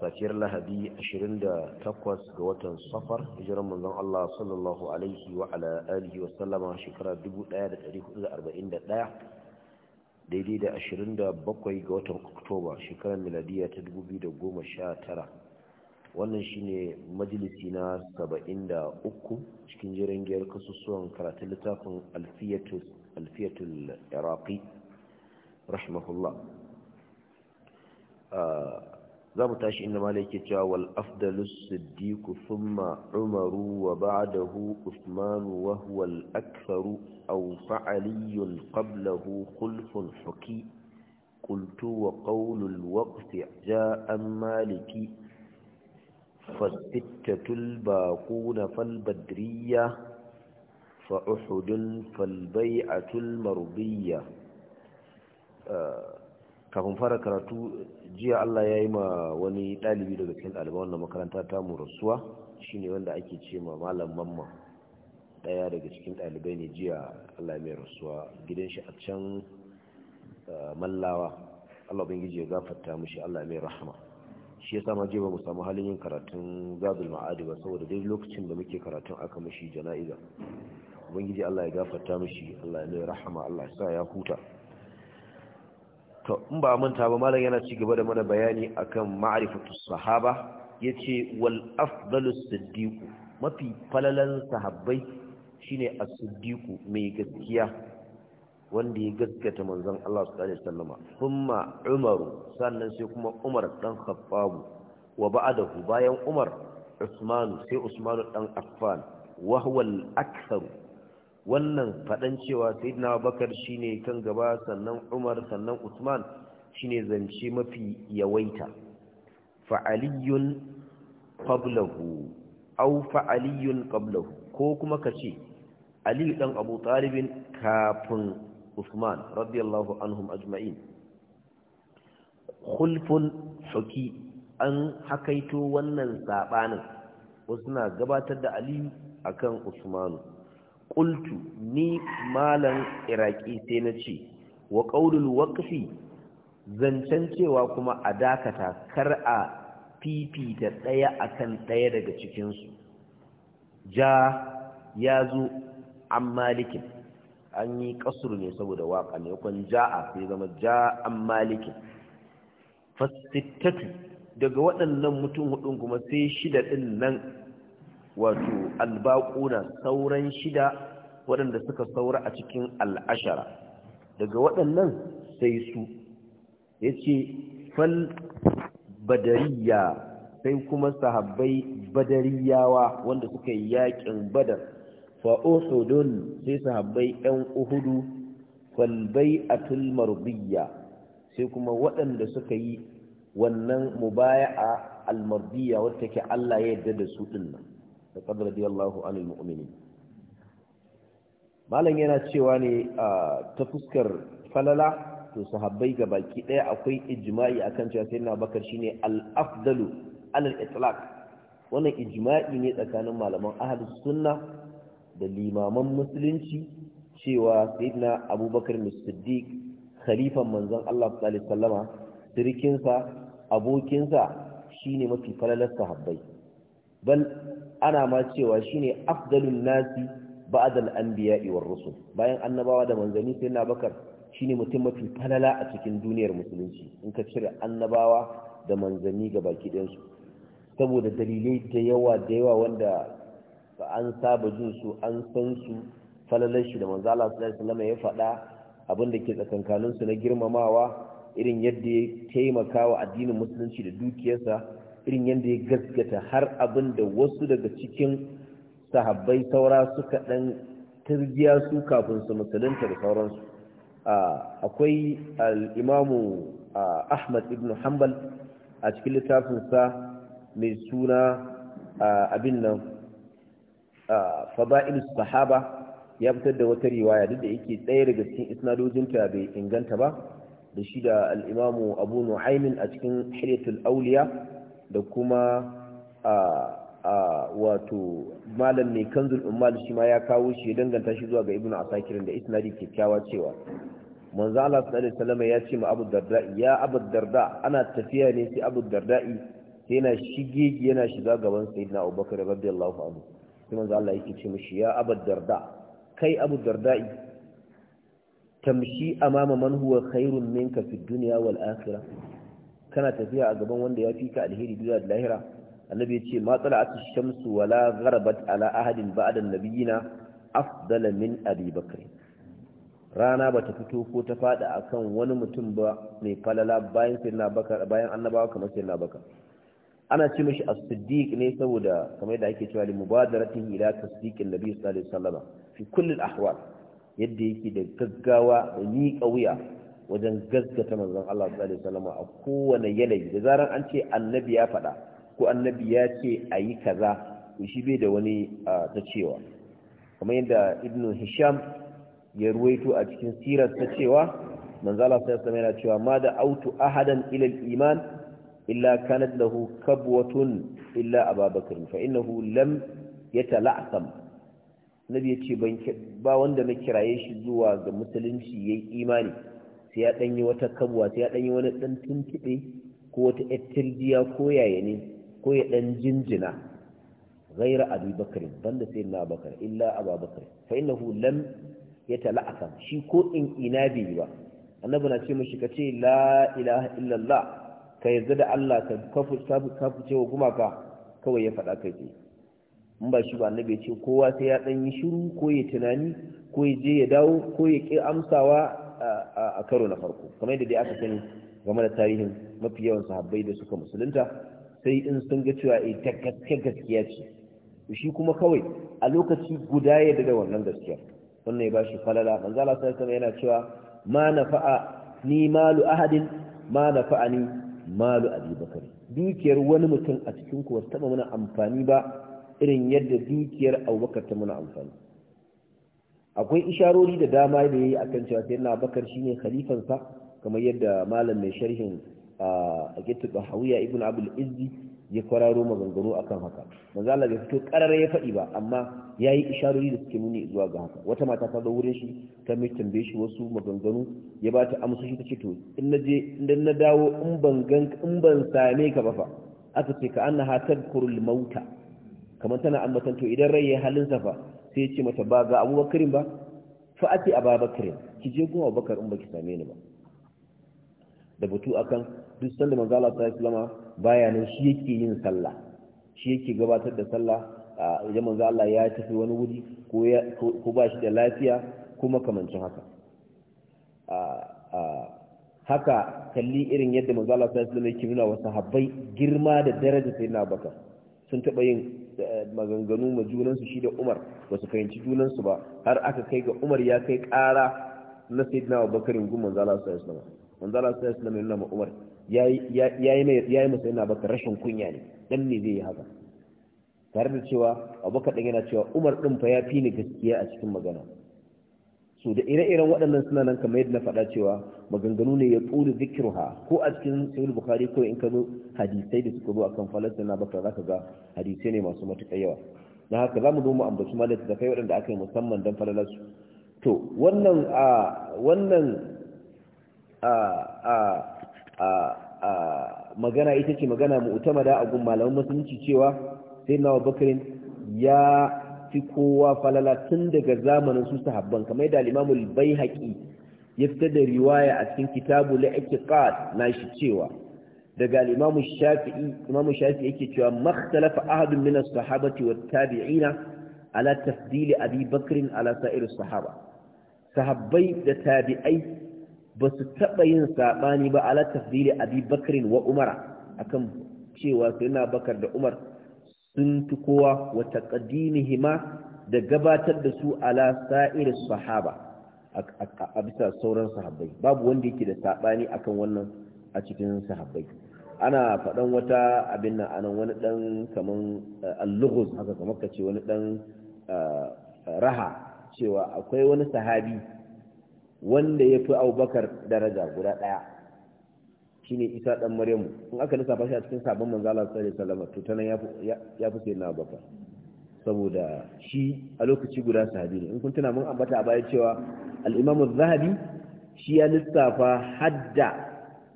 safiyar lahadi 28 ga watan safar hijiran manzon Allah sallallahu alaihi wa ala alihi wa sallama shekara 1441 daidai da 27 ga watan oktoba shekarar miladiya ta 2019 wannan shine majalisi na 73 cikin jiran giyar kasusuwan karatun littafin alfiyatul iraqi rahimahullah za mu tashi inda ma yake cewa wal afdalus siddiqu thumma umaru wa ba'dahu usman wa huwa al aktharu aw fa'aliyun qablahu khulfun huki qultu wa qawlu al waqt ja'a maliki فالستة الباقون فالبدرية فأحد فالبيعة المرضية آه kafin fara karatu jiya Allah ya yi ma wani ɗalibi daga cikin ɗaliban wannan makaranta ta mu rasuwa ne wanda ake ce ma malam mamma ɗaya daga cikin ɗalibai ne jiya Allah mai rasuwa gidan shi a can eh, mallawa Allah bin ya gafarta mushi Allah mai rahama shi yasa ma jiya ba mu samu halin yin karatun zabin ma'adi ba saboda dai lokacin da muke karatun aka mushi jana'iza ubangiji Allah ya gafarta mushi Allah ya mai rahama Allah ya sa ya huta to in ba manta ba malam yana ci gaba da mana bayani akan ma'rifatu sahaba yace wal afdalu siddiq mafi falalan sahabbai shine as-siddiq mai gaskiya wanda ya gaskata manzon Allah sallallahu alaihi wasallama kuma Umar sannan sai kuma Umar dan Khattab wa ba'dahu bayan Umar Usman sai Usman dan Affan wa huwa al-akthar wannan faɗan cewa sayyidina bakar shine kan gaba sannan umar sannan usman shine zance mafi yawaita fa'aliyun qablahu aw fa'aliyun qablahu ko kuma kace aliyu dan abu talibin kafin usman radiyallahu anhum ajma'in khulfun huki an hakaito wannan sabanin wasu na gabatar da ali akan usmanu qultu ni malan iraki sai na ce wa qaulul waqfi zancen cewa kuma a dakata kar a fifita ɗaya akan ɗaya daga cikinsu ja ya zo an malikin an yi ƙasur ne saboda waƙa ne kwan a sai zama ja an malikin fasittatu daga waɗannan mutum hudun kuma sai shida ɗin nan wato albaquna sauran shida waɗanda suka saura a cikin al'ashara daga waɗannan sai su yace fal badariya sai kuma sahabbai badariyawa wanda suka yi yakin badar fa sai sahabbai ɗan uhudu fal bai'atul mardiya sai kuma waɗanda suka yi wannan mubaya'a al-mardiya wacce ke Allah ya yarda da su dinnan da qad radiyallahu anil mu'minin malam yana cewa ne ta fuskar falala to sahabbai ga baki ɗaya akwai ijma'i akan cewa bakar Abubakar shine al-afdalu alal itlaq wannan ijma'i ne tsakanin malaman ahli sunna da limaman musulunci cewa sayyidina Abubakar as khalifan manzon Allah sallallahu alaihi sirkinsa abokinsa shine mafi falalar sahabbai bal ana ma cewa shine afdalun nasi ba'd an biya war rusul bayan annabawa da Manzani sai na bakar shine mutum mafi falala a cikin duniyar musulunci in ka cire annabawa da Manzani ga baki ɗayan saboda dalilai da yawa da yawa wanda ba an saba jin su an san su falalar shi da manzo Allah sallallahu alaihi ya faɗa abin da ke tsakankanin su na girmamawa irin yadda ya taimaka wa addinin musulunci da dukiyarsa irin yadda ya gaskata har abin da wasu daga cikin sahabbai saura suka ɗan turgiya su kafin su musulunta da sauransu akwai al'imamu ahmad ibn hanbal a cikin littafinsa mai suna abin nan fada'il sahaba ya fitar da wata riwaya duk da yake tsaye daga cikin isnadojinta bai inganta ba da shi da al'imamu abu nuhaimin a cikin hiryatul auliya da kuma a wato malam mai kanzul ummal shi ma ya kawo shi ya danganta shi zuwa ga ibn asakirin da isnadi kyakkyawa cewa manzo Allah sallallahu alaihi wasallam ya ce ma Abu Darda ya Abu Darda ana tafiya ne sai Abu Darda yana shige yana shiga gaban Sayyidina Abubakar radiyallahu anhu sai manzo Allah yake ce mishi ya Abu Darda kai Abu Darda tamshi amama man huwa khairun minka fi dunya wal akhirah kana tafiya a gaban wanda ya fi ka alheri duniya da lahira annabi ya ce ma tsala shamsu wala gharabat ala ahadin ba'da nabiyina afdala min abi bakr rana bata fito ko ta fada akan wani mutum ba mai falala bayan sirna bakar bayan annabawa kamar sirna bakar ana ce mashi as-siddiq ne saboda kamar yadda ake cewa li mubadaratihi ila tasdiqin nabi sallallahu alaihi wasallam fi kulli al-ahwal yadda yake da gaggawa da miƙa wuya wajen gaskata manzon Allah sallallahu alaihi wasallam a kowane yanayi da zaran an ce annabi ya faɗa ko annabi ya ce ayi kaza to shi bai da wani ta cewa kamar yadda ibn hisham ya ruwaito a cikin sirar ta cewa manzo Allah sallallahu alaihi wasallam yana cewa ma da autu ahadan ila iman illa kanat lahu kabwatun illa ababakar fa innahu lam yatala'sam nabi yace ban ba wanda na kiraye shi zuwa ga musulunci yayi imani ya ɗan yi wata kabuwa ta ya ɗan yi wani ɗan tuɗiɗi ko wata ɗan jinjina zaira abubakar banda saina abubakar illa abu bakar fainahu lam ya tala shi ko in ina bai yi ba annabi na ce mun kace ka ce la ilaha illallah ka yanzu da allah ka fice wa gumafa kawai ya faɗa ka yi muna shi ba ana bai ce ko wasa ya ɗan yi shiru ko ya tunani ko ya je ya dawo ko ya ki amsawa. a karo na farko kamar yadda dai aka sani game da tarihin mafi yawan sahabbai da suka musulunta sai in sun ga cewa eh ta gaskiya ce shi kuma kawai a lokaci guda ya daga wannan gaskiya wannan ya bashi falala manzo Allah sai kuma yana cewa ma nafa'a ni malu ahadin ma ni malu abi bakar dukiyar wani mutum a cikin ku wasu taba muna amfani ba irin yadda dukiyar abubakar ta muna amfani akwai isharori da dama da yayi akan cewa sai na bakar shine khalifansa kamar yadda malam mai sharhin a gitu bahawiya ibn abul izzi ya kwararo maganganu akan haka manzo Allah bai fito karare ya faɗi ba amma ya yi isharori da suke nuni zuwa ga haka wata mata ta zo wurin shi ta mai tambaye shi wasu maganganu ya ba ta amsoshi ta ce to in na je in na dawo in ban gan in ban same ka ba fa aka ce ka annaha tadkurul mauta kamar tana ambatan to idan rai ya halin safa fa sai ya ce mata ba ga abubakarin ba fa ake babakarin ki je goma bakar in ba ki same ni ba da batu akan duk sanda manzo ta sallallahu baya nan shi yake yin sallah shi yake gabatar da sallah idan manzo ya tafi wani wuri ko ba shi da lafiya ko makamancin haka haka kalli irin yadda manzo ta sallallahu alaihi yake nuna wa sahabbai girma da daraja sai na Abubakar sun taɓa yin eh, maganganu ma junansu shi da umar ba su fahimci junansu ba har aka kai ga umar ya kai ƙara na sayyidina wa bakarin gun manzala su ya manzala su ya yana ma umar ya yi masa yana baka rashin kunya ne dan ne zai yi haka tare da cewa abubakar ɗan yana cewa umar ɗin fa ya fi ni gaskiya a cikin magana su da ire-iren waɗannan suna nan kamar yadda na faɗa cewa maganganu ne ya tsuri zikirha ko a cikin sahih bukhari ko in ka zo hadisai da suka zo akan falastina bakar zaka ga hadisai ne masu matuƙar yawa na haka za mu zo mu ambaci ma da kai waɗanda aka yi musamman don falalarsu to wannan a wannan a a a a magana ita ce magana utama a gun malaman musulunci cewa sai na bakarin ya fi kowa falala tun daga zamanin su sahabban kamar da al-Imam al-Baihaqi ya fitar da riwaya a cikin kitabu al-Iqad nashi cewa daga al-Imam Shafi'i Imam Shafi'i yake cewa makhtalafa ahadun min as-sahabati wat-tabi'ina ala tafdili Abi Bakr ala sa'ir sahaba sahabbai da tabi'ai ba su taɓa yin saɓani ba ala tafdili Abi Bakr wa Umar akan cewa sayyidina Bakar da Umar sun fi kowa wa hima da gabatar da su ala sa'ir sahaba a bisa sauran sahabbai babu wanda yake da saɓani akan wannan a cikin sahabbai ana faɗan wata abin nan anan wani dan kaman eh, al haka kamar kace wani dan eh, raha cewa akwai wani sahabi wanda ya fi abubakar daraja guda ɗaya shine isa dan maryamu in aka lissafa shi a cikin sabon manzo Allah sallallahu alaihi wasallam to tanan ya fi sayyidina abubakar saboda shi a lokaci guda sahabi ne in kun tuna mun ambata a baya cewa al-imam az-zahabi shi ya lissafa hadda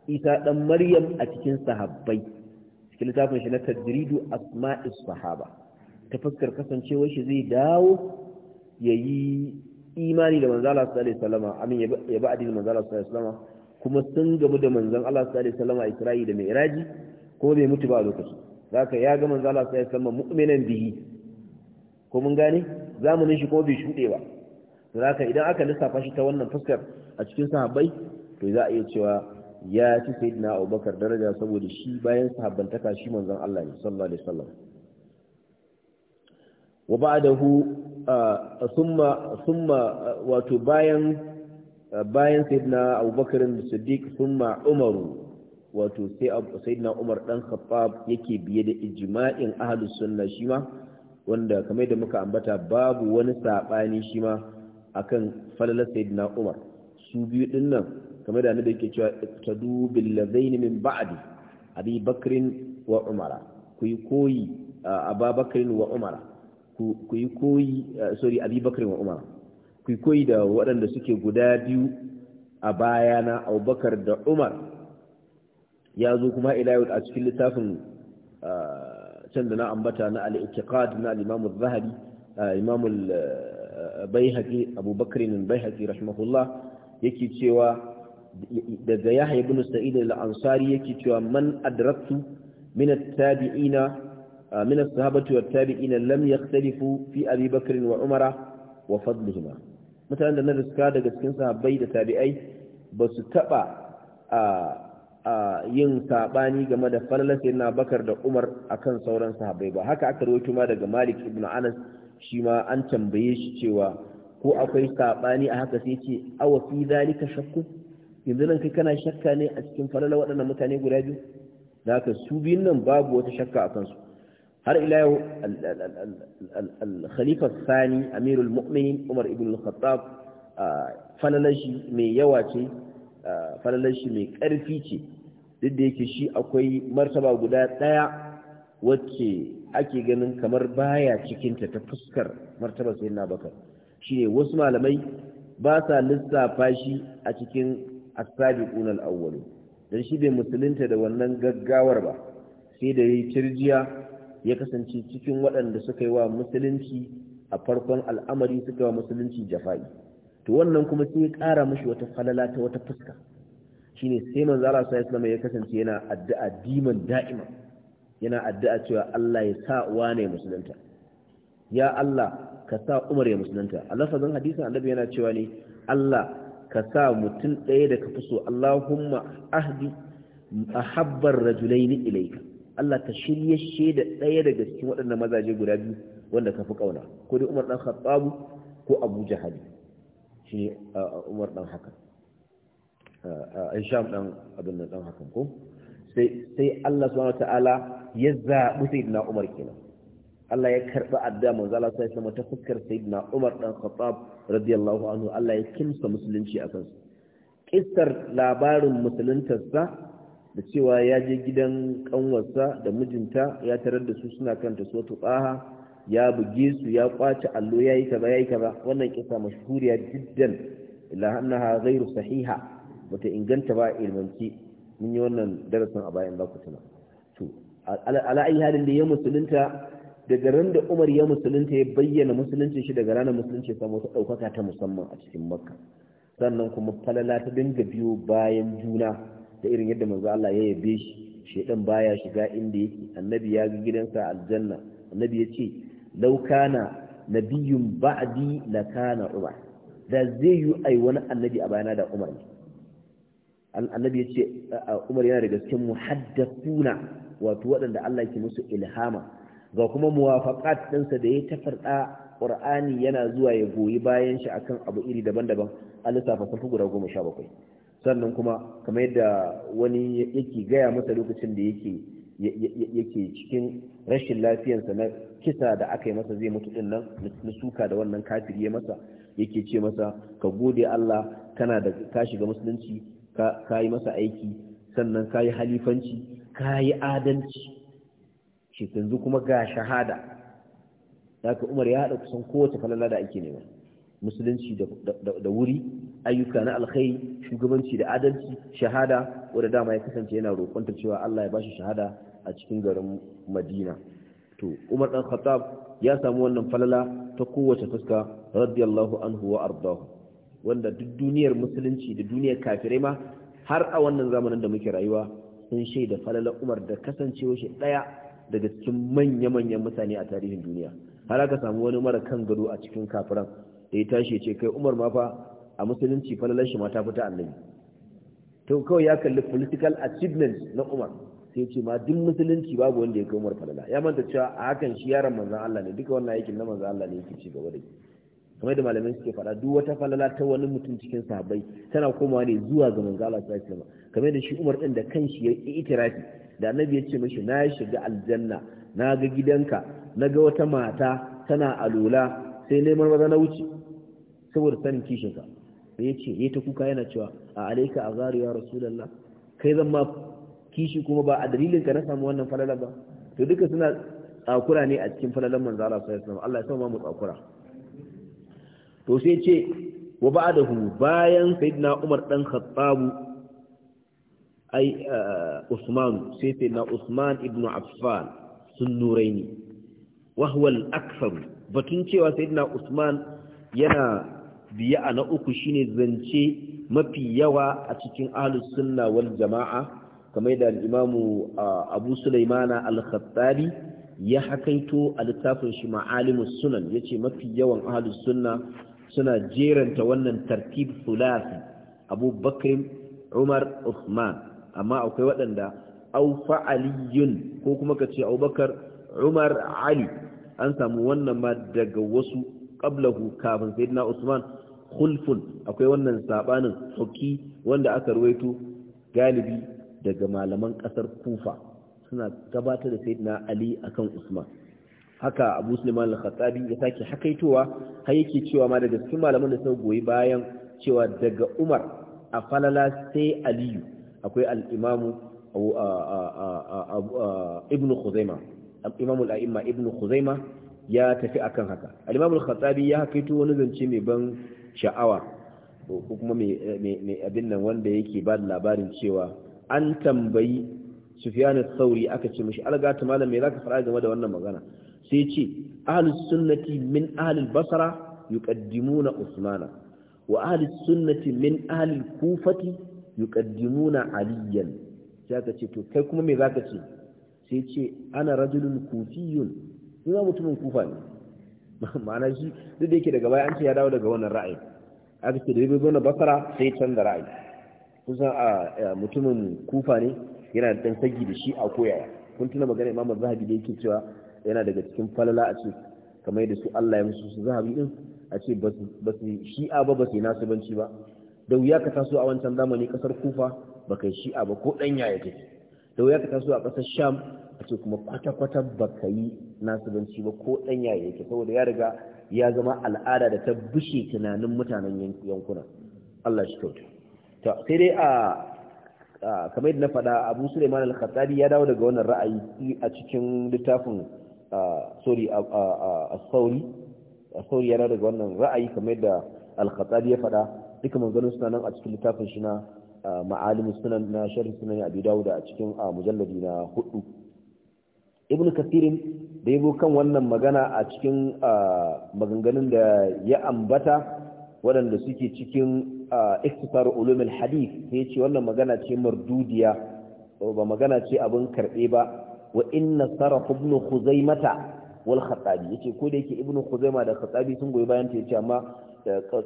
isa dan maryam a cikin sahabbai cikin littafin shi na tadridu asma'is sahaba ta fuskar kasancewa shi zai dawo yayi imani da manzo Allah sallallahu alaihi wasallam amin ya ba adin manzo Allah sallallahu alaihi wasallam kuma sun gamu da manzon Allah sallallahu alaihi wasallam a Isra'i da Mi'raji ko bai mutu ba a lokacin zaka ya ga manzon Allah sallallahu alaihi wasallam mu'minan bihi ko mun gane zamanin shi ko bai shude ba zaka idan aka lissafa shi ta wannan fuskar a cikin sahabbai to za a iya cewa ya ci sayyidina Abubakar daraja saboda shi bayan sahabbantaka shi manzon Allah ne sallallahu alaihi wasallam wa ba'dahu ah, thumma thumma wato bayan bayan sayyidina abubakar siddiq thumma umaru wato sai sayyidina umar dan khattab yake biye da ijma'in ahlus sunna shi ma wanda kamar da muka ambata babu wani sabani shi ma akan falalar sayyidina umar su biyu din nan kamar da nabi yake cewa iqtadu bil ladaini min ba'di abi bakr wa umara ku yi koyi ababakrin wa umara ku yi koyi sorry abi bakr wa umara kwikwayi da waɗanda suke guda biyu a bayana abubakar da umar ya zo kuma ilayot a cikin littafin can da na ambata na al'ikiqad na al'imamun zahari imamun bai haƙi abubakarin bai yake cewa daga ya haibu sa'id al-ansari yake cewa man adraktu min at-tabi'ina min lam yakhtalifu fi abi wa umara wa fadlihima mutanen da na riska daga cikin sahabbai da tabi'ai ba su taɓa yin saɓani game da falalasa na bakar da umar akan sauran sahabbai ba haka aka rawaito ma daga malik ibn anas shi ma an tambaye shi cewa ko akwai saɓani a haka sai ce awa fi zalika shakku yanzu nan kai kana shakka ne a cikin falala waɗannan mutane guda biyu da haka su biyun nan babu wata shakka a su. har ila yau al-khalifa sani amirul mu'minin umar ibn al-khattab shi mai yawa ce shi mai karfi ce duk da yake shi akwai martaba guda daya wacce ake ganin kamar baya cikinta ta fuskar martaba sai na bakar shi ne wasu malamai ba sa lissafa shi a cikin asabi ƙunar awwalu don shi bai musulunta da wannan gaggawar ba sai da ya yi cirjiya ya kasance cikin waɗanda suka yi wa musulunci a farkon al'amari suka yi wa musulunci jafa'i to wannan kuma sai ya ƙara mashi wata falala ta wata fuska shine sai manzo Allah sallallahu alaihi ya kasance yana addu'a diman da'ima yana addu'a cewa Allah ya sa wane musulunta ya Allah ka sa Umar ya musulunta a lafazin hadisin annabi yana cewa ne Allah ka sa mutum ɗaya da ka fi so Allahumma ahdi ahabbar rajulaini Ilaika. Allah ta shirye shi da ɗaya daga cikin waɗannan mazaje guda biyu wanda ka fi ƙauna ko dai Umar ɗan Khattab ko Abu Jahal shi Umar ɗan haka Hisham ɗan abin nan dan hakan ko sai Allah Allah subhanahu Taala ya zabi Sayyidina Umar kenan Allah ya karɓi adda manzo Allah sai sama ta fuskar Sayyidina Umar ɗan Khattab radiyallahu anhu Allah ya kimsa musulunci a kansa kissar labarin musuluntarsa da cewa ya je gidan kanwarsa da mijinta ya tarar da su suna kanta su wata tsaha ya buge su ya kwace allo ya yi kaza ya yi kaza wannan kisa mashhuriya jiddan illa annaha ghairu sahiha bata inganta ba ilmanci mun yi wannan darasin a bayan zaku tuna to ala ayi halin da ya musulunta daga ran da Umar ya musulunta ya bayyana musuluncin shi daga ranar musulunci sai wata ɗaukaka ta musamman a cikin Makka sannan kuma falala ta dinga biyo bayan juna ta irin yadda manzo Allah ya yabe shi shedan baya shiga inda yake annabi ya ga gidansa aljanna annabi ya ce law kana nabiyyun ba'di la kana umar da zai yi ai wani annabi a bayana da umar ne annabi ya ce umar yana daga cikin muhaddafuna wato waɗanda Allah ke musu ilhama ga kuma muwafaqat ɗinsa da ya tafarda Qur'ani yana zuwa ya goyi bayan shi akan abu iri daban-daban an lissafa sun guda goma sha bakwai sannan kuma kamar yadda wani yake gaya masa lokacin da yake yake cikin rashin lafiyansa na kisa da aka yi masa zai mutu dinnan, na suka da wannan kafiri ya masa yake ce masa ka gode Allah kana da ka shiga musulunci ka yi masa aiki sannan ka yi halifanci ka yi adalci shi yanzu kuma ga shahada da Umar ya haɗa kusan kowace falala da ake nema musulunci da wuri ayyuka na alkhairi shugabanci da adalci shahada wanda dama ya kasance yana roƙonta cewa Allah ya bashi shahada a cikin garin Madina to Umar dan Khattab ya samu wannan falala ta kowace fuska radiyallahu anhu wa ardahu wanda duk duniyar musulunci da duniyar kafirai ma har a wannan zamanin da muke rayuwa sun shaida falala Umar da kasancewa shi daya daga cikin manya-manyan mutane a tarihin duniya har aka samu wani mara kan gado a cikin kafiran da ya tashi ce kai umar ma fa a musulunci falalar shi mata fita annabi to kawai ya kalli political achievement na umar sai ce ma duk musulunci babu wanda ya kai umar falala ya manta cewa a hakan shi yaron manzan Allah ne duka wannan aikin na manzan Allah ne yake ci gaba da shi kamar da malamai suke faɗa duk wata falala ta wani mutum cikin sahabbai tana komawa ne zuwa ga manzan Allah sallallahu alaihi kamar da shi umar din da kanshi ya yi itirafi da annabi ya ce mishi na shiga aljanna na ga gidanka na ga wata mata tana alula sai neman maza na wuce saboda sanin kishinka. ka sai ya ce eh, ta kuka yana cewa a a zari ya lalla. kai zan ma kishi kuma ba a dalilin ka na samu wannan falala ba to duka suna tsakura ne a cikin falalan manzo Allah sallallahu alaihi wasallam Allah ya sa mu tsakura to sai ce wa ba'dahu bayan sayyidina Umar dan Khattab ai eh, Usman sai sayyidina Usman ibn Affan sunnuraini wa huwa al-akthar batun cewa sayyidina Usman yana biya na uku shine zance mafi yawa a cikin ahlus sunna wal jama'a kamar da al-imamu Abu Sulaimana al-Khattabi ya hakaito a littafin shi Ma'alimus Sunan yace mafi yawan ahlus sunna suna jeranta wannan tartib thulathi Abu Bakr Umar Uthman amma akwai waɗanda au fa'aliyun ko kuma kace Abubakar Umar Ali an samu wannan ma daga wasu qablahu kafin sayyidina Usman khulfun akwai wannan sabanin sauki wanda aka ruwaito galibi daga malaman kasar kufa suna gabatar da sayyidina ali akan usman haka abu suleiman al-khattabi ya sake hakaitowa har yake cewa ma daga cikin malaman da suka goyi bayan cewa daga umar a falala sai aliyu akwai al-imamu uh, uh, uh, ibnu khuzaima imamu al-a'imma ibn khuzaima ya tafi akan haka al-imamu al-khattabi ya hakaito wani zance mai ban sha'awa ko kuma mai abin nan wanda yake ba da labarin cewa an tambayi sufiyanu sauri aka ce mashi algata malam me zaka fara game da wannan magana sai ce ahlus sunnati min ahlil basra yuqaddimuna usmana wa ahlus sunnati min ahlil kufati yuqaddimuna aliyan sai aka ce to kai kuma me zaka ce sai ce ana rajulun kufiyun ina mutumin kufa ne ma'ana shi duk da yake daga baya an ce ya dawo daga wannan ra'ayi aka ce da ya na basara sai canza ra'ayi kusan a mutumin kufa ne yana da ɗan sagi da shi a koyaya kun tuna magana imamu zahabi da yake cewa yana daga cikin falala a ce kamar da su Allah ya musu su zahabi din a ce ba su shi'a ba ba su yi nasibanci ba da wuya ka taso a wancan zamani kasar kufa ba kai shi'a ba ko ɗan yaya take da wuya ka taso a ƙasar sham a ce kuma kwata-kwata ba ka yi nasibanci ba ko ɗan yaya yake saboda ya riga ya zama al'ada da ta bushe tunanin mutanen yankuna Allah shi kyauta to sai dai a kamar yadda na faɗa Abu Sulaiman al-Khattabi ya dawo daga wannan ra'ayi a cikin littafin sorry as-Sauri as-Sauri ya dawo daga wannan ra'ayi kamar yadda al-Khattabi ya faɗa duka manzanin suna nan a cikin littafin shi na ma'alimus sunan na sharhi sunan Abi Dawud a cikin mujalladi na hudu ibn kafirin da yabo kan wannan magana a cikin maganganun da ya ambata waɗanda suke cikin iktisar ulumul hadith sai ce wannan magana ce mardudiya ba magana ce abin karɓe ba wa inna sarah ibn khuzaimata wal khatabi yace ko da yake ibn khuzaima da khatabi sun goyi bayan ta yace amma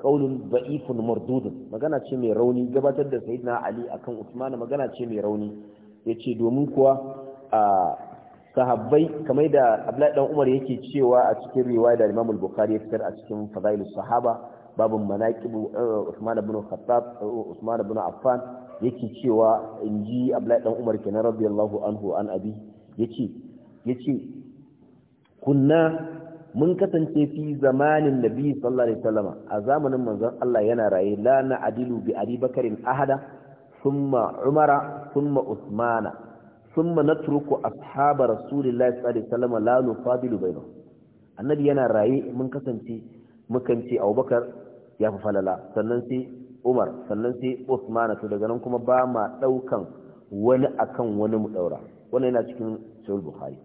qaulun ba'ifun mardudun magana ce mai rauni gabatar da sayyidina ali akan usman magana ce mai rauni yace domin kuwa sahabbai kamar da Abdullahi dan Umar yake cewa a cikin riwaya da Imam Bukhari ya fitar a cikin Fadailus Sahaba babun manaqibu eh, Uthman ibn Khattab eh, Uthman ibn Affan yake cewa inji Abdullahi dan Umar kenan radiyallahu anhu an abi yace yace kunna mun kasance fi zamanin Nabi sallallahu alaihi wasallama a zamanin manzon Allah yana raye la na adilu bi Abi Bakarin ahada thumma Umara thumma Uthmana thumma natruku ashaba rasulillahi sallallahu alaihi wasallam la nufadilu bainahum annabi yana raye mun kasance mukan ce Abubakar ya fi falala sannan sai Umar sannan sai Uthman to daga nan kuma ba ma daukan wani akan wani mu daura wannan yana cikin Sahih Bukhari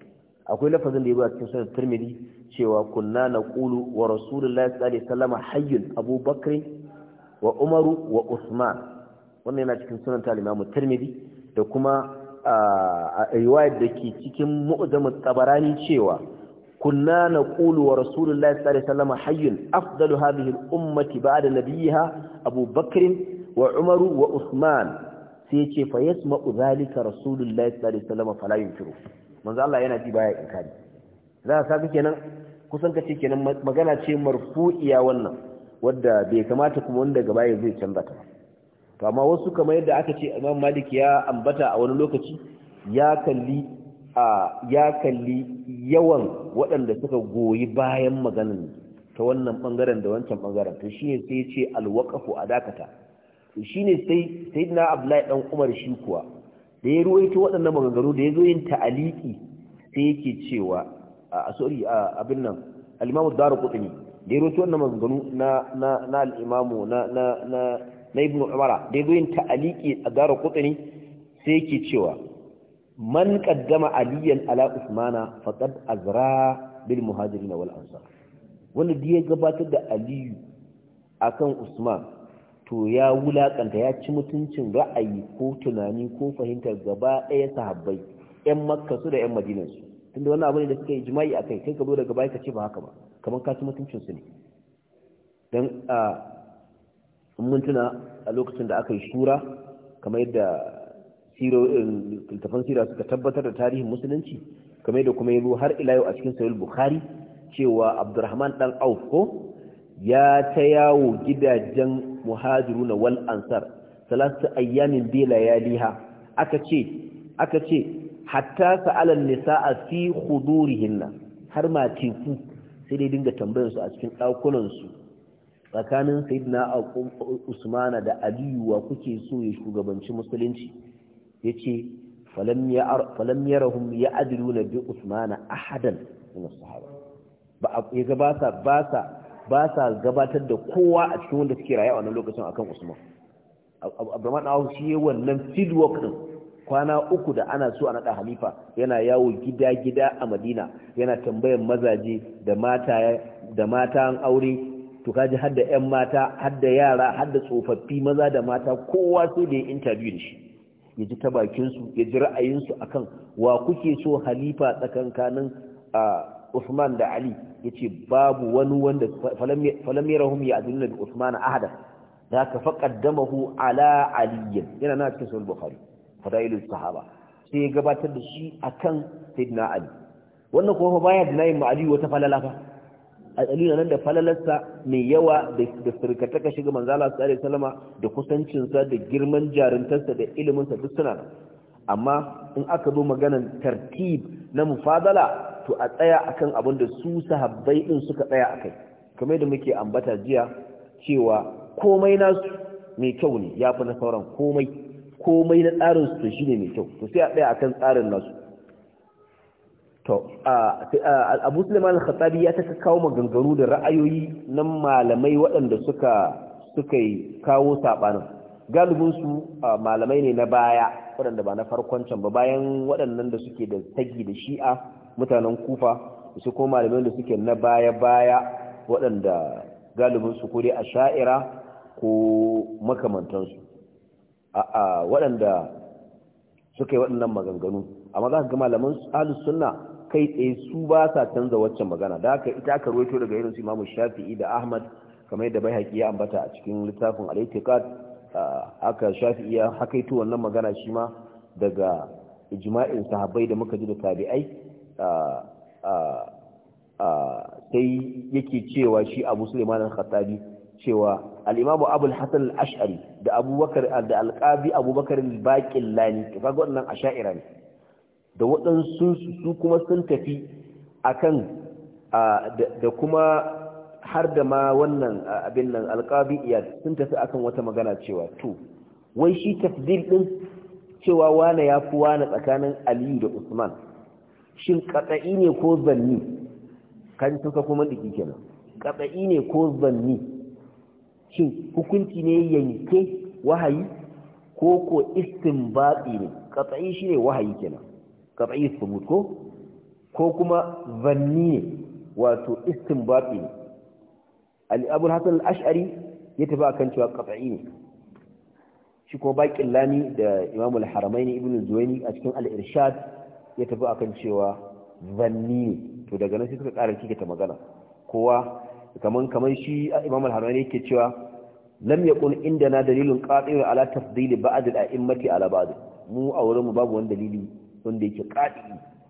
akwai lafazin da ya a cikin Sahih Tirmidhi cewa kunna naqulu wa rasulullahi sallallahu alaihi wasallam hayyun Abubakar wa Umar wa Usman, wannan yana cikin sunan ta Tirmidhi da kuma a riwayar da ke cikin mu'jamu tabarani cewa kunna naqulu wa rasulullahi sallallahu alaihi wasallam hayyun afdalu hadhihi al-ummati ba'da nabiyha Abu Bakr wa Umaru, wa Usman, sai yace fa yasma'u zalika rasulullahi sallallahu alaihi wasallam Falayin yunkiru manzo Allah yana ji baya inkari za ka saka kenan kusan kace kenan magana ce marfu'iya wannan wadda bai kamata kuma wanda gaba ya zai canza ta ba to amma wasu kamar yadda aka ce imam malik ya ambata a wani lokaci ya kalli a ya kalli yawan waɗanda suka goyi bayan maganan ta wannan bangaren da wancan bangaren to shine sai ya ce alwaqafu adakata to shine sai sayyidina abdullahi dan umar shi kuwa da ya ruwaito waɗannan maganganu da ya zo yin ta'aliki sai yake cewa a a abin nan al-imam ad da ya ruwaito wannan maganganu na na na al na na na na ibn umara da yazo yin ta'aliki a gara kutani sai yake cewa man qaddama aliyan ala usmana faqad azra bil muhajirin wal ansar wanda da ya gabatar da aliyu akan usman to ya wulakanta ya ci mutuncin ra'ayi ko tunani ko fahimtar gaba ɗaya sahabbai yan makka su da yan madinansu tunda wannan abu ne da suka yi jima'i akai kai ka zo daga baya ka ce ba haka ba kamar ka ci mutuncin su ne dan ah, mun tuna a lokacin da aka yi shura kamar yadda eh, littafan sira suka tabbatar da tarihin musulunci kamar yadda kuma yazo har ila yau a cikin sahih bukhari cewa abdurrahman dan auf ko ya ta yawo gidajen muhajiruna wal ansar salatu ayyamin bela layaliha aka ce aka ce hatta sa'ala nisaa fi khudurihinna har ma teku sai dai dinga tambayar su a cikin dakunan tsakanin sayyidina usmana da aliyu wa kuke so ya shugabanci musulunci yace falam ya falam yarahum bi usmana ahadan min sahaba ba ya gabata ba sa ba sa gabatar da kowa a cikin wanda suke rayuwa wannan lokacin akan usman abdurrahman awu shi wannan field din kwana uku da ana so a naɗa halifa yana yawo gida-gida a madina yana tambayan mazaje da mata da matan aure to kaji har da ƴan mata hadda yara hadda tsofaffi maza da mata kowa sai da ya interview da shi ya ji ta bakinsu ya ji ra'ayinsu akan wa kuke so halifa tsakankanin Usman da Ali yace babu wani wanda falam yarahum ya adunna da Usman ahada da ka faqaddamahu ala Ali yana na cikin sahih Bukhari fadailus sahaba sai ya gabatar da shi akan sayyidina Ali wannan kuma baya da nayi mu Ali wata falalafa a tsalina nan da falalarsa mai yawa da firkata ka shiga manzala su alaihi salama da kusancinsa da girman jarintarsa da iliminsa duk suna amma in aka zo maganan tartib na mufadala to a tsaya akan abin da su sahabbai din suka tsaya akai kamar da muke ambata jiya cewa komai nasu mai kyau ne yafi na sauran komai komai na tsarin su shine mai kyau to sai a tsaya akan tsarin nasu to abu al-khattabi ya taka kawo maganganu da ra'ayoyi na malamai waɗanda suka suka yi kawo saɓanin galibinsu malamai ne na baya waɗanda ba na farkon can ba bayan waɗannan da suke da tagi da shi'a mutanen kufa su kuma malamai da suke na baya-baya waɗanda galibinsu ko dai a sha'ira ko makamantansu waɗanda suka yi waɗannan maganganu amma za ka ga malaman alisunna. sunna kai tsaye su ba sa canza waccan magana da haka ita aka ruwaito daga irin su Imam Shafi'i da Ahmad kamar yadda Baihaqi ya ambata a cikin littafin Al-I'tiqad aka Shafi'i ya hakaito wannan magana shi ma daga ijma'in sahabbai da muka ji da tabi'ai sai yake cewa shi Abu Sulaiman al-Khattabi cewa al-Imam Abu al-Hasan al-Ash'ari da Abubakar da al-Qadi Abubakar al-Baqillani kaga wannan asha'ira ne da waɗansu su kuma sun tafi akan da kuma har da ma wannan abin nan alƙabi iyad sun tafi akan wata magana cewa to wai shi tafdil din cewa wane ya fi wane tsakanin aliyu da usman shin katsa'i ne ko zanni kan sun kuma ɗiki kenan katsa'i ne ko zanni shin hukunci ne yanke wahayi ko ko baɗi ne katsa'i ne wahayi kenan qat'i thubut ko ko kuma zanni wato istinbati Ali Abu Hasan al-Ash'ari ya tafi akan cewa qat'i ne shi ko baqil lani da Imam al-Haramain Ibn zuwaini a cikin al-Irshad ya tafi akan cewa zanni to daga nan sai suka ƙara kike ta magana kowa kaman kaman shi Imam al-Haramain yake cewa lam yakun indana dalilun qati'un ala tafdil ba'd al-a'immati ala ba'd mu a wurin mu babu wani dalili wanda yake kadi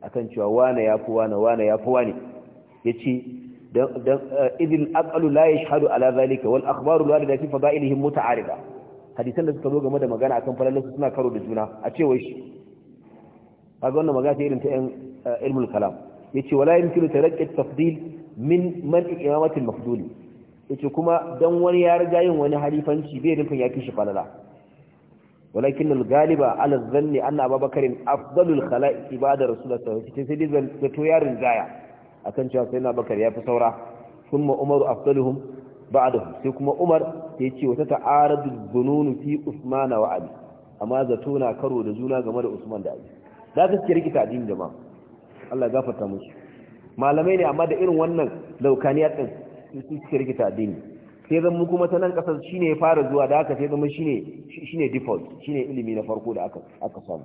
akan cewa wane yafi wane wane yafi wane yace eh, idil aqalu la yashhadu ala zalika wal akhbaru al warida fi fadailihim muta'arida hadisan da suka zo game da magana akan falalan suna karo da juna a ce wai shi kaga wannan magana ta irin ta yan eh, ilmul kalam ya yace wala yumkinu tarakki tafdil min man imamati al ya ce kuma dan wani ya riga yin wani halifanci bai rufin ya kishi falala walakin al-galiba ala zanni anna abubakar afdalul khala'iq ibada rasulullah sallallahu alaihi wasallam sai dai zato yarin zaya akan cewa sai na bakar ya fi saura sun thumma umaru afdaluhum ba'dahum sai kuma umar ta yi ce wata ta'aradu dhununu fi usmana wa ali amma zato na karo da juna game da usman da za da gaskiya rikita din jama'a Allah ya gafarta musu malamai ne amma da irin wannan laukaniya din su suke rikita addini sai zan muku kuma ta nan kasar shine ya fara zuwa da aka sai zama shi ne default ne ilimi na farko da aka samu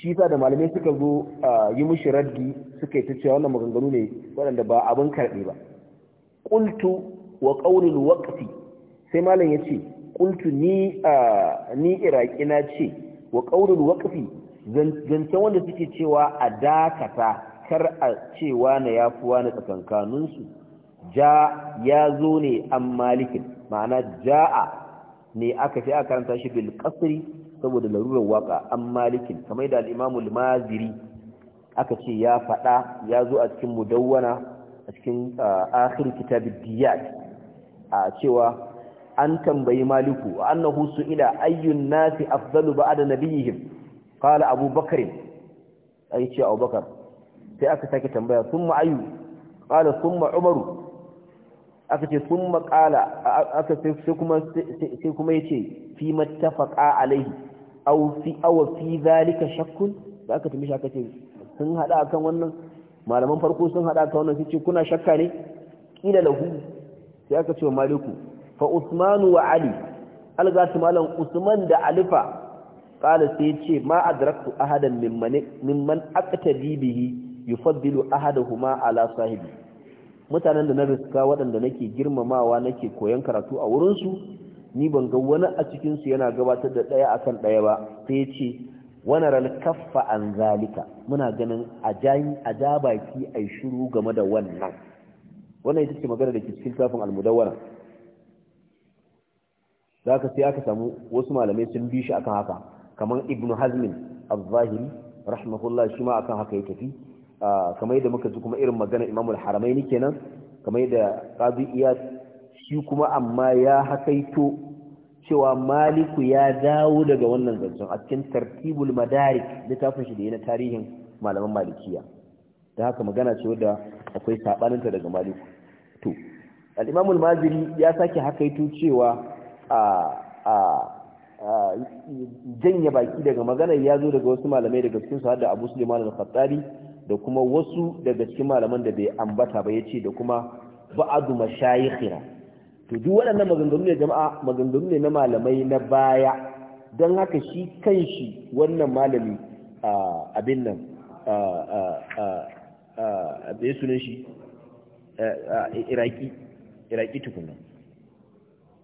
shi sa da malamai suka zo yi mushi raddi suka yi ta cewa wannan maganganu ne waɗanda ba abin karɓi ba qultu wa ƙaunin waƙafi sai malam yace ce ni ni iraki na ce wa ƙaunin waƙafi zancen wanda suke cewa a dakata kar a cewa na yafuwa na tsakankaninsu ja ya zo ne an malikin ma'ana ja'a ne aka fi aka ranta shi bil kasri saboda larurar waka an malikin kamar da al'imamul maziri aka ce ya faɗa ya zo a cikin mudawwana a cikin akhir kitabid diyat a cewa an tambayi maliku annahu su'ila ayyun nasi afdalu ba'da nabiyihim qala abu bakr ai ce abu bakar sai aka sake tambaya summa ayu qala summa umaru aka ce sun makala aka sai kuma sai kuma yace fi mattafaqa alaihi aw fi aw fi zalika shakkun da aka tumi shaka ce sun hada kan wannan malaman farko sun hada kan wannan sai kuna shakka ne kila lahu sai aka ce maliku fa usman wa ali algasi malam usman da alifa qala sai ce ma adraktu ahadan mimman mimman aqtabi bihi yufaddilu ahaduhuma ala sahibi mutanen da na riska waɗanda nake girmamawa nake koyan karatu a wurinsu ni ban ga wani a cikinsu yana gabatar da ɗaya akan ɗaya ba sai ce wani kaffa an zalika muna ganin a ja baki a shiru game da wannan wannan ita ce magana da ke cikin kafin almudawara za ka sai aka samu wasu malamai sun bi shi akan haka kamar ibnu hazmin al-zahiri rahimahullah shi ma akan haka ya tafi Ah, kamar yadda muka ji kuma irin magana imamul haramaini kenan kamar yadda qadi iyad shi kuma amma ya hakaito cewa maliku ya dawo daga wannan zancen a cikin tartibul madarik littafin shi da yana tarihin malaman malikiya da haka magana ce wadda akwai sabaninta daga maliku to al-imamul maziri ya sake hakaito cewa a ah, a ah, janye baki daga maganar ya zo daga wasu malamai daga cikin su har Abu Sulaiman al-Khattabi da kuma wasu daga cikin malaman da bai ambata ba yace da kuma ba'adu mashayikhina to duk waɗannan maganganu ne jama'a maganganu ne na malamai na baya don haka shi kanshi wannan malami abin nan abin sunan shi iraki iraki tukuna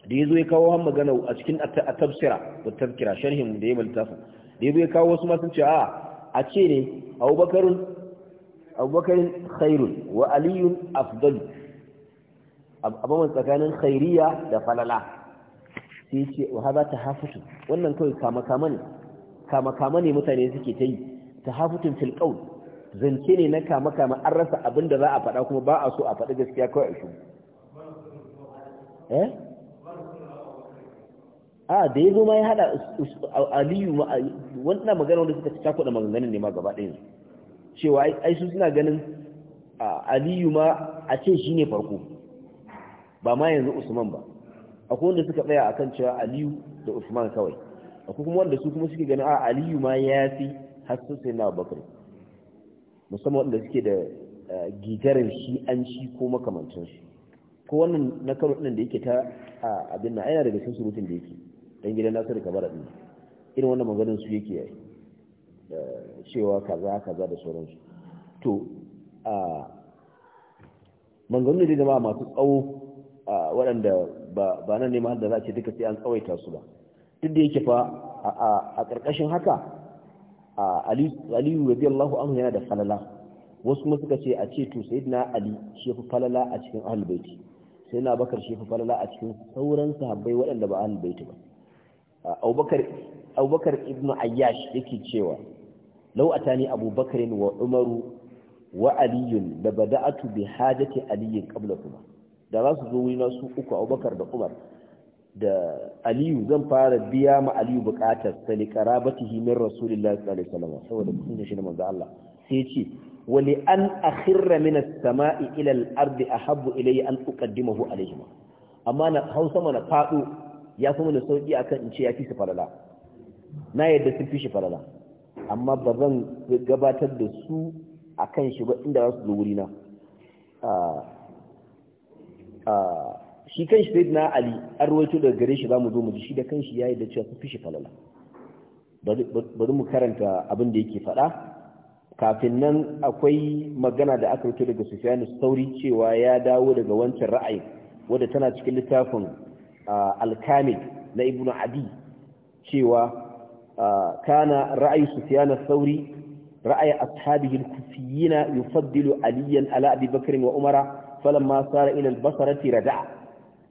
da ya zo ya kawo magana a cikin tafsira da tafkira sharhin da ya maltafa da ya zo ya kawo wasu masu cewa a ce ne abubakarun abubakar khairun wa aliyun abu abaman tsakanin khairiya da falala sai ce wa haza ta hafutu wannan kawai kama-kama ne kama-kama ne mutane suke ta yi ta hafutun filƙaun zance ne na kama-kama an rasa abin da za a faɗa kuma ba a so a faɗi gaskiya kawai a shi eh a da ya zo ma ya haɗa aliyu wannan magana wanda suka ci cakuɗa maganganun ne ma gaba ɗaya cewa ai su suna ganin aliyu ma a ce shi ne farko ba ma yanzu usman ba akwai wanda suka tsaya akan cewa aliyu da usman kawai akwai kuma wanda su kuma suke ganin a aliyu ma ya fi hasu sai na bakar musamman wanda suke da gigarin shi an shi ko shi, ko wannan na karo ɗin da yake ta abin na aina daga sun surutun da yake dan gidan da kabara ɗin irin wannan maganin su yake yayi cewa kaza kaza da sauransu to a manganin da ma masu tsawo waɗanda ba nan neman da za a ce duka sai an tsawaita su ba duk da yake fa a ƙarƙashin haka aliyu Allahu anhu yana da falala wasu kuma suka ce a ce to na ali shi falala a cikin ahalbaiti sai na bakar shi falala a cikin sauran sahabbai waɗanda ba ahalbaiti ba abubakar abubakar ibn ayyash yake cewa lau atani abubakarin wa umaru wa aliyun da bada'atu bi hajati Aliyun kabla kuma da za su zo na su uku abubakar da umar da aliyu zan fara biya ma aliyu bukatar sa li qarabatihi min rasulillahi sallallahu alaihi wasallam saboda kusin shi ne manzo Allah sai ce wa li an akhirra min as-sama'i ila al-ardi ahabbu ilayya an uqaddimahu alayhima amma na hausa mana fado ya fi mana sauki akan in ce ya fi su falala na yadda sun fi shi farala amma ba zan gabatar da su a kan shi ba inda za su zo wurina shi kan shi sai na ali an rawaito daga gare shi za mu zo mu ji shi da kan shi ya yadda cewa sun fi shi falala bari mu karanta abin da yake faɗa kafin nan akwai magana da aka rito daga sufiyanu sauri cewa ya dawo daga wancan ra'ayi wadda tana cikin littafin alkamil na ibnu adi cewa kana ra'ayi sufyan ath-thauri ra'ayi ashabihi al-kufiyina yufaddilu aliyan ala abi bakr wa umara falamma sara ila al-basrati rada'a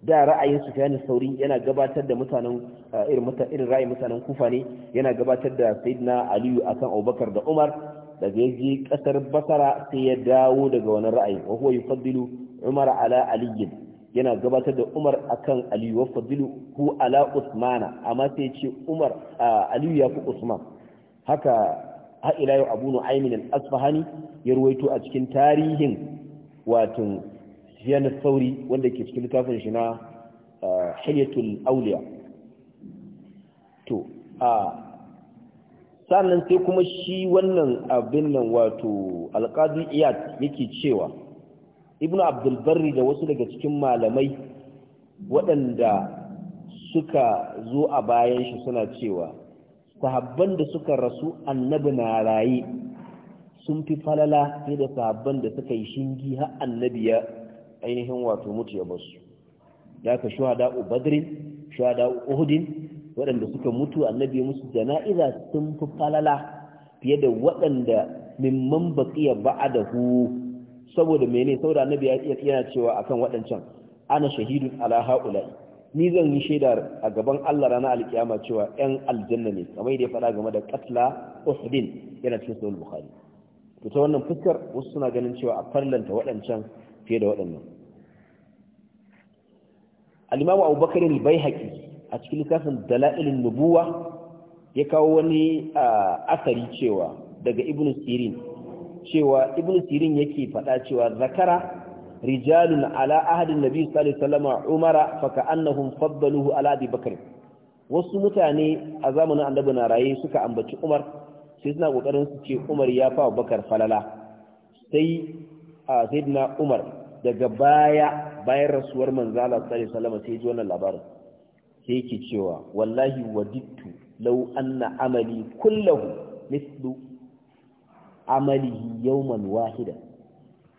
ra'ayin sufyan ath-thauri yana gabatar da mutanen irin irin mutanen kufa yana gabatar da Aliyu a kan abubakar da umar daga yaji ƙasar basara sai ya dawo daga wannan ra'ayin wa huwa umar al aliyin yana gabatar da Umar akan Ali wa fadilu hu ala Usmana amma sai ce Umar Ali ya fi Usman haka ha ila yau Abu Nu'aym al-Asfahani ya ruwaito a cikin tarihin watun Sufyan sauri wanda ke cikin littafin shi na Hilyatul Awliya to a sannan sai kuma shi wannan abin nan wato Al-Qadi iyad yake cewa ibn abdulbarri da wasu daga cikin malamai waɗanda suka zo a bayan shi suna cewa sahabban da suka rasu annabi na raye sun fi falala sai da sahabban da suka yi shingi har annabi ya ainihin wato mutu ya basu ya ka shuhada ubadrin shuhada uhudin waɗanda suka mutu annabi ya musu jana'iza sun fi falala fiye da waɗanda mimman da huwu. saboda mene saboda annabi yana cewa akan waɗancan ana shahidun ala haula'i ni zan yi shaida a gaban Allah ranar alkiyama cewa ƴan aljanna ne kamar da ya faɗa game da katla usdin yana cikin sahih bukhari to ta wannan fuskar wasu suna ganin cewa a farlanta waɗancan fiye da waɗannan al-imam abubakar al-baihaqi a cikin littafin dala'ilin nubuwa ya kawo wani ah, asari cewa daga ibnu sirin cewa ibn sirin yake faɗa cewa zakara rijalun ala ahadin nabi sallallahu umara fa ka'annahum faddaluhu ala abi bakr wasu mutane a zamanin annabi na raye suka ambaci umar sai suna kokarin su ce umar ya fa bakar falala sai sayyidina umar daga baya bayan rasuwar manzala sallallahu alaihi wasallam sai ji wannan labarin sai yake cewa wallahi wadittu law anna amali kullahu mithlu amalihi yawman wahida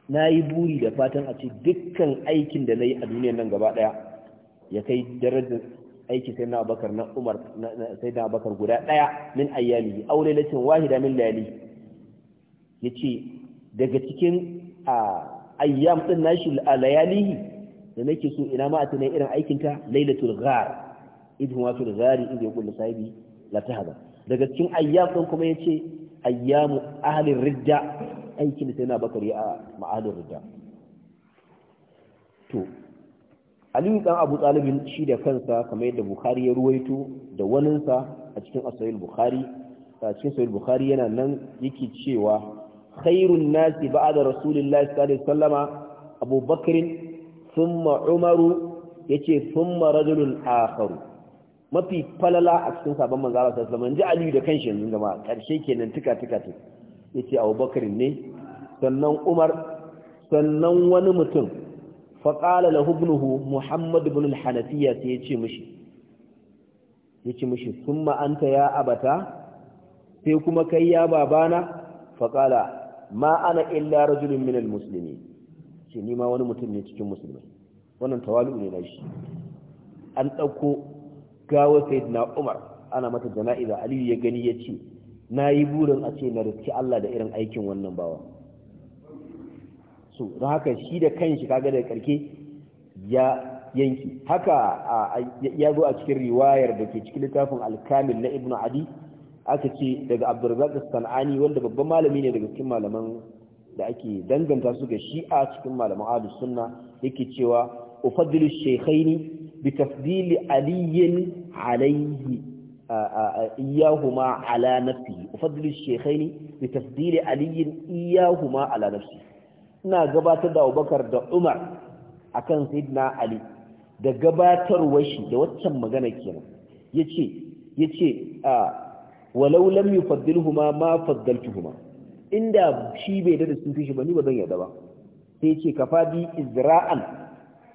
nayi buri da fatan a ce dukkan aikin da nayi a duniyan nan gaba ɗaya ya kai darajar aiki sai na abakar na umar sai na abakar guda ɗaya min ayyali aure lacin wahida min layali ya ce daga cikin ayyam din nashi a layalihi da nake so ina ma a tunai irin aikinta lailatul ghar idin wasu ghari idin kullu sahibi la tahaba daga cikin ayyam din kuma yace ayyamu ahlin ridda aikin da sai na bakari a ma'ahalin ridda to aliyu dan abu talibin shi da kansa kamar yadda bukhari ya ruwaito da waninsa a cikin asayin bukhari a cikin sahih bukhari yana nan yake cewa khairun nasi ba'da rasulillahi sallallahu alaihi wasallama abubakar thumma umaru yace thumma rajulun akharu mafi falala a cikin sabon manzara ta zama ji Aliyu da kanshi yanzu gama karshe kenan tuka tuka ce abu Abubakar ne sannan Umar sannan wani mutum faƙala qala hubnuhu Muhammadu bin alhanafiya sai ya ce mushi ya ce mushi sun ma'anta ya abata sai kuma kai ya babana faƙala ma ana illa rajulun min musulmi ce ni ma wani mutum ne cikin musulmai wannan tawali'u ne na shi an ɗauko. gawa na umar ana mata jana'iza aliyu ya gani ya ce na yi burin a ce na riske allah da irin aikin wannan bawa so don haka shi da kanshi kaga da karke ya yanki haka ya zo a cikin riwayar da ke cikin littafin alkamil na ibnu adi aka ce daga abdurrazak sanani wanda babban malami ne daga cikin malaman da ake danganta su ga shi'a cikin malaman ahlus sunna yake cewa ufaddilu shaykhaini bi tafdili aliyin alaihi iyahuma ala nafsi ufaddilu shaykhaini bi tafdili aliyin iyahuma ala nafsi ina gabatar da Abubakar da Umar akan Sayyidina Ali da gabatarwar da waccan magana kenan yace yace walau lam ma ma faddaltuhuma inda shi bai da sun fi shi ba ni ba zan yarda ba sai ka kafadi izra'an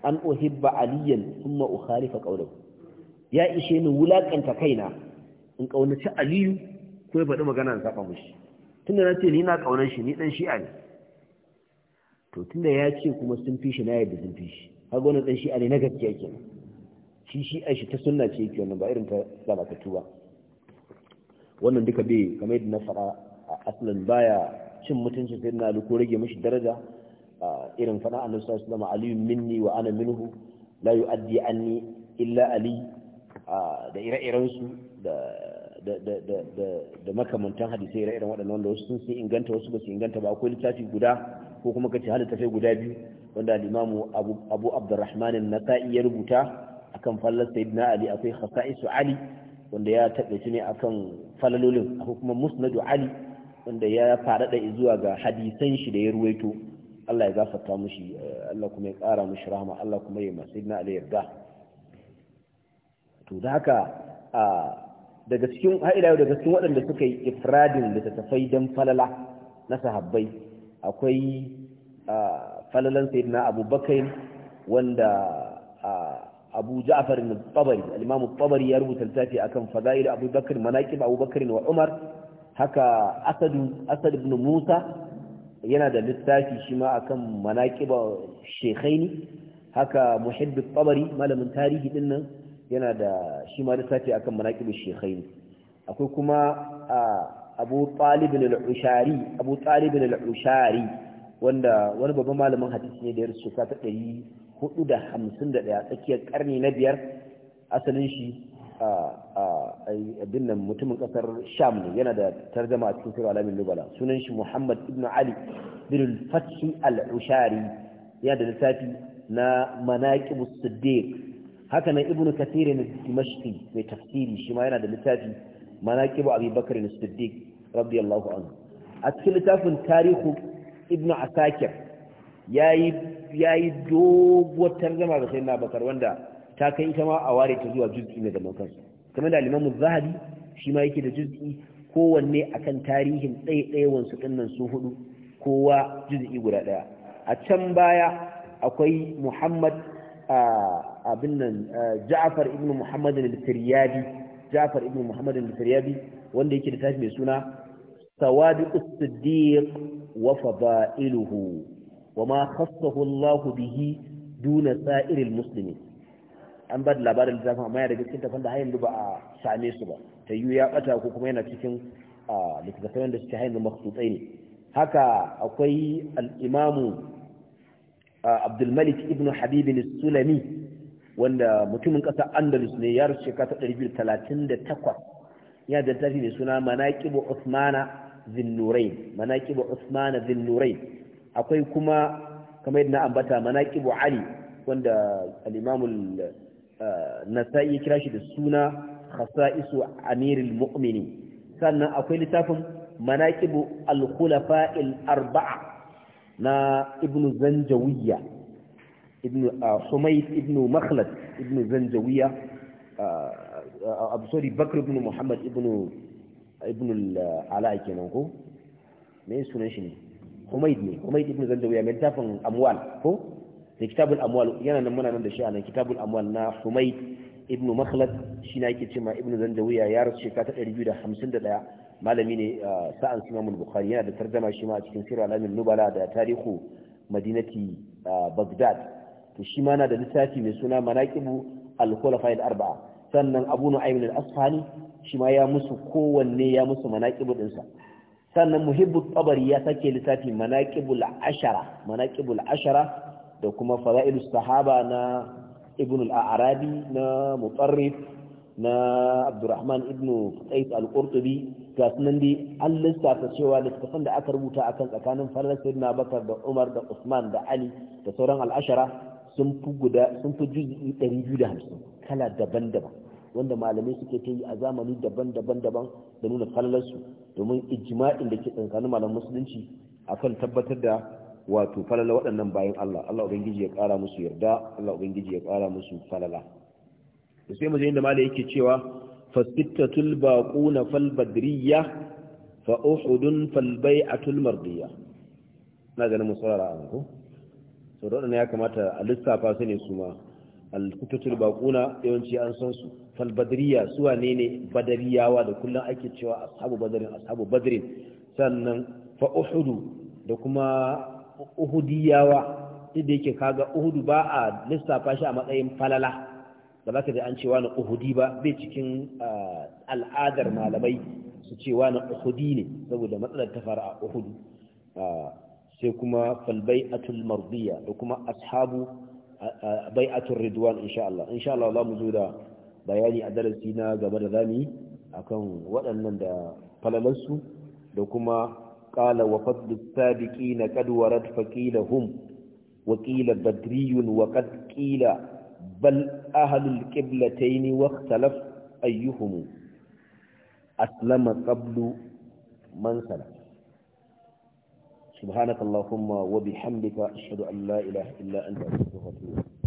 an uhibba aliyan thumma ukhalifa qawluhu ya ishe ni wulakanta kaina in kaunaci aliyu ko ya faɗi magana in saba mushi tunda na ce ni na kaunar shi ni dan shi'a ne to tunda ya ce kuma sun fi shi na yadda sun fi shi har wani dan shi'a ne na gaskiya ke shi shi'a shi ta sunna ce yake wannan ba irin ta ta ba wannan duka bai kamar yadda na faɗa a aslan baya cin mutuncin na ali ko rage mishi daraja irin fana annabi sallallahu alaihi wasallam aliyu minni wa ana minhu la yu'addi anni illa ali da ire-iren su da da da da da makamantan hadisai ire-iren waɗannan wanda wasu sun inganta wasu ba su inganta ba akwai littafi guda ko kuma kace hada tafai guda biyu wanda al-imamu Abu Abu Abdurrahman an-Nasa'i ya rubuta akan fallar sayyidina Ali akwai hasaisu Ali wanda ya taɓaice ne akan falalolin akwai kuma musnadu Ali wanda ya faɗaɗa zuwa ga hadisan shi da ya ruwaito Allah ya gafarta mushi eh, Allah kuma ya kara mushi rahama Allah kuma ya masu na ala yarda to da haka daga cikin ha'ila daga cikin waɗanda suka yi ifradin tafai don falala na sahabbai akwai falalan sayyidina abubakar wanda abu ja'far al-tabari al-imam al-tabari ya rubuta littafi akan fadail abubakar manaqib abubakar wa umar haka Asadu asad ibn musa yana da littafi shi ma akan manaqiba ne haka muhibbi tsabari malamin tarihi din nan yana da shi ma littafi akan shekai ne akwai kuma abu talib al'ushari abu talib al'ushari wanda wani babban malamin hadisi ne da ya rusu ta 451 tsakiyar ƙarni na biyar asalin shi abin nan mutumin kasar sham ne yana da tarjama a cikin sura alamin lubala sunan shi muhammad ibn ali bin alushari al-ushari yana da littafi na manaqib as-siddiq haka nan ibnu kathir ne dimashqi mai tafsiri shi ma yana da littafi manaqib abi bakr as-siddiq radiyallahu anhu a cikin littafin tarihu ibnu asakir yayi yayi doguwar tarjama ga sayyidina bakar wanda ta kai ita ma a ware ta zuwa juz'i mai zaman kansu kamar da limamu zahabi shi ma yake da juz'i kowanne akan tarihin ɗaiɗaiwan wansu ɗinnan su hudu kowa juz'i guda ɗaya a can baya akwai muhammad abin nan ja'far ibn muhammad al ibn muhammad wanda yake da tashi mai suna sawadi as wa fada'iluhu wa ma khassahu Allah bihi duna sa'iril muslimin an ba da labarin littafin amma yana da cikin tafan da hayan ba a same su ba ta yiwu ya bata ko kuma yana cikin littattafai wanda suke hayan maksutsai ne haka akwai al'imamu abdulmalik ibn habibin sulami wanda mutumin ƙasa andalus ne ya rasu shekara 138 ya da tafi mai suna manaƙibu usmana zinnurain manaƙibu usmana zinnurain akwai kuma kamar yadda na ambata manaƙibu ali wanda al'imamu. nasa'i ya kira shi da suna khasa'isu amirul mu'mini sannan akwai littafin manaqibu al-khulafa'il arba'a na ibn zanjawiya ibn humayt ibn makhlad ibn zanjawiya abu sorry bakr ibn muhammad ibn ibn al-ala kenan ko me sunan shi ne humayd ne humayd ibn zanjawiya mai littafin amwal ko da kitabul amwal yana nan muna nan da shi a nan kitabul amwal na humaid ibn makhlad shi na yake cewa ibn zanjawiya ya rasu shekara ta 251 malami ne sa'an sunan bukhari yana da tarjama shi ma a cikin sirr alamin nubala da tarihu madinati baghdad to shi ma na da littafi mai suna manaqibu al-khulafa al-arba'a sannan abu nu'aym al-asfahani shi ma ya musu kowanne ya musu manaqibu dinsa sannan muhibbu tabari ya sake littafi manaqibul ashara manaqibul ashara da kuma fada'ilus sahaba na ibn al-arabi na mutarrif na abdurrahman ibn qais al-qurtubi ga sunan dai an lissafa cewa littafan da aka rubuta akan tsakanin farar sayyidina bakar da umar da usman da ali da sauran al'ashara sun fi guda sun fi juz'i 250 kala daban-daban wanda malamai suke ta yi a zamani daban-daban daban da nuna fallarsu domin ijma'in da ke tsakanin malaman musulunci akan tabbatar da wato falala waɗannan bayan Allah Allah ubangiji ya ƙara musu yarda Allah ubangiji ya ƙara musu falala da sai muje inda malai yake cewa fasittatul baquna fal badriya fa uhudun fal bai'atul mardiya na ganin musawara an ko So da ya kamata a lissafa su ne su ma al fitatul baquna yawanci an san su fal badriya su wane ne badariyawa da kullun ake cewa ashabu badrin ashabu badrin sannan fa uhudu da kuma uhudiyawa duk da yake kaga uhudu ba a lissafa shi a matsayin falala ba za ka ji an ce wani uhudi ba bai cikin al'adar malamai su ce na uhudi ne saboda matsalar ta fara a uhudu sai kuma falbai atul mardiya da kuma ashabu bai'atul ridwan insha Allah insha Allah za mu zo da bayani a darasi na gaba da zamu yi akan waɗannan da falalansu da kuma قال وفضل السابقين قد ورد فقيل هم وقيل بدري وقد قيل بل أهل القبلتين واختلف أيهم أسلم قبل من سلف سبحانك اللهم وبحمدك أشهد أن لا إله إلا أنت أستغفرك